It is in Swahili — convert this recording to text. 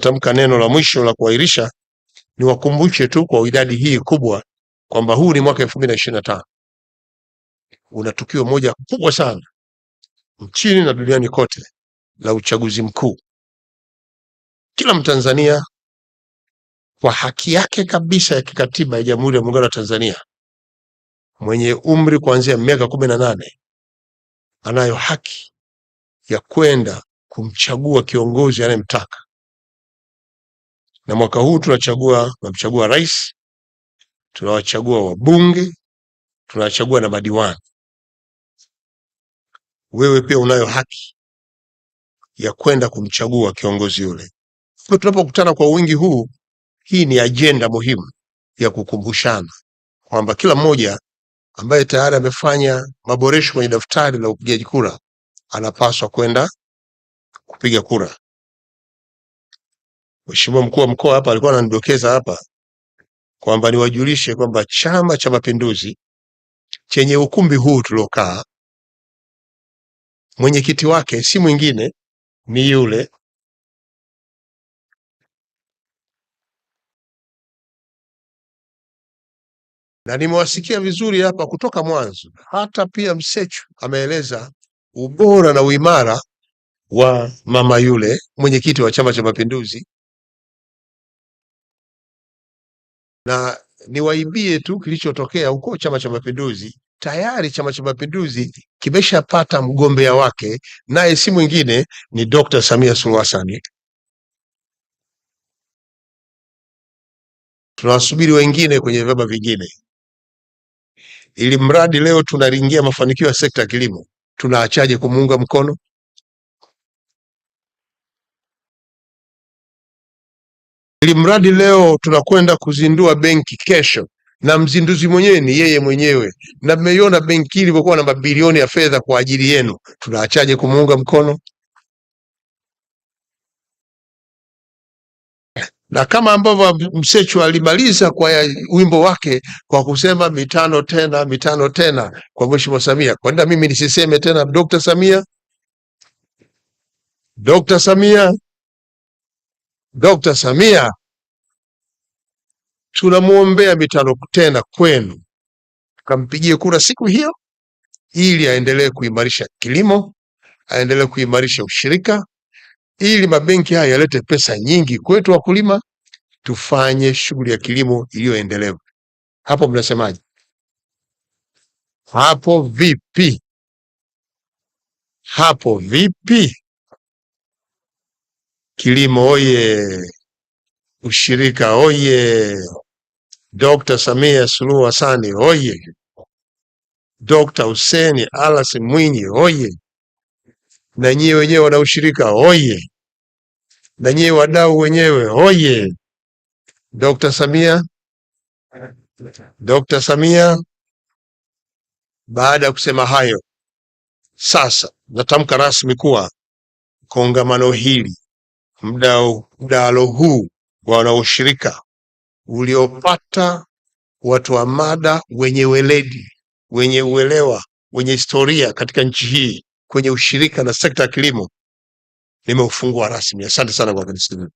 Tamka neno la mwisho la kuahirisha, niwakumbushe tu kwa idadi hii kubwa kwamba huu ni mwaka elfu mbili na ishirini na tano una tukio moja kubwa sana nchini na duniani kote la uchaguzi mkuu. Kila Mtanzania kwa haki yake kabisa ya kikatiba ya Jamhuri ya Muungano wa Tanzania, mwenye umri kuanzia miaka kumi na nane anayo haki ya kwenda kumchagua kiongozi anayemtaka na mwaka huu tunachagua tunamchagua rais, tunawachagua wabunge, tunawachagua na madiwani. Wewe pia unayo haki ya kwenda kumchagua kiongozi yule. Kwa tunapokutana kwa wingi huu, hii ni ajenda muhimu ya kukumbushana kwamba kila mmoja ambaye tayari amefanya maboresho kwenye daftari la upigaji kura anapaswa kwenda kupiga kura. Mheshimiwa mkuu wa mkoa hapa alikuwa ananidokeza hapa kwamba niwajulishe kwamba Chama cha Mapinduzi chenye ukumbi huu tuliokaa, mwenyekiti wake si mwingine ni yule na nimewasikia vizuri hapa kutoka mwanzo. Hata pia Msechu ameeleza ubora na uimara wa mama yule mwenyekiti wa Chama cha Mapinduzi na niwaibie tu kilichotokea huko Chama cha Mapinduzi. Tayari Chama cha Mapinduzi kimeshapata mgombea wake, naye si mwingine ni Dr. Samia Suluhu Hassan. Tunawasubiri wengine kwenye vyama vingine, ili mradi leo tunaringia mafanikio ya sekta ya kilimo, tunaachaje kumuunga mkono ili mradi leo tunakwenda kuzindua benki kesho, na mzinduzi mwenyewe ni yeye mwenyewe, na mmeiona benki ilivyokuwa na mabilioni ya fedha kwa ajili yenu. Tunaachaje kumuunga mkono? na kama ambavyo Msechu alimaliza kwa wimbo wake kwa kusema mitano tena mitano tena kwa Mheshimiwa Samia, kwenda mimi nisiseme tena Dr. Samia, Dr. Samia Dkt. Samia tunamwombea mitano tena kwenu, tukampigie kura siku hiyo, ili aendelee kuimarisha kilimo, aendelee kuimarisha ushirika, ili mabenki haya yalete pesa nyingi kwetu wakulima, tufanye shughuli ya kilimo iliyoendelevu. Hapo mnasemaje? Hapo vipi? Hapo vipi? Kilimo oye! Ushirika oye! Dkt. Samia Suluhu hasani oye! Dkt. Hussein Alas Mwinyi oye! Na nyie wenyewe wana ushirika oye! Na nyie wadau wenyewe oye! Dkt. Samia, Dkt. Samia. Baada ya kusema hayo, sasa natamka rasmi kuwa kongamano hili mdaalo huu wa wanaoshirika uliopata watu wa mada wenye weledi, wenye uelewa, wenye historia katika nchi hii kwenye ushirika na sekta ya kilimo nimeufungua rasmi. Asante sana kwa kanisa.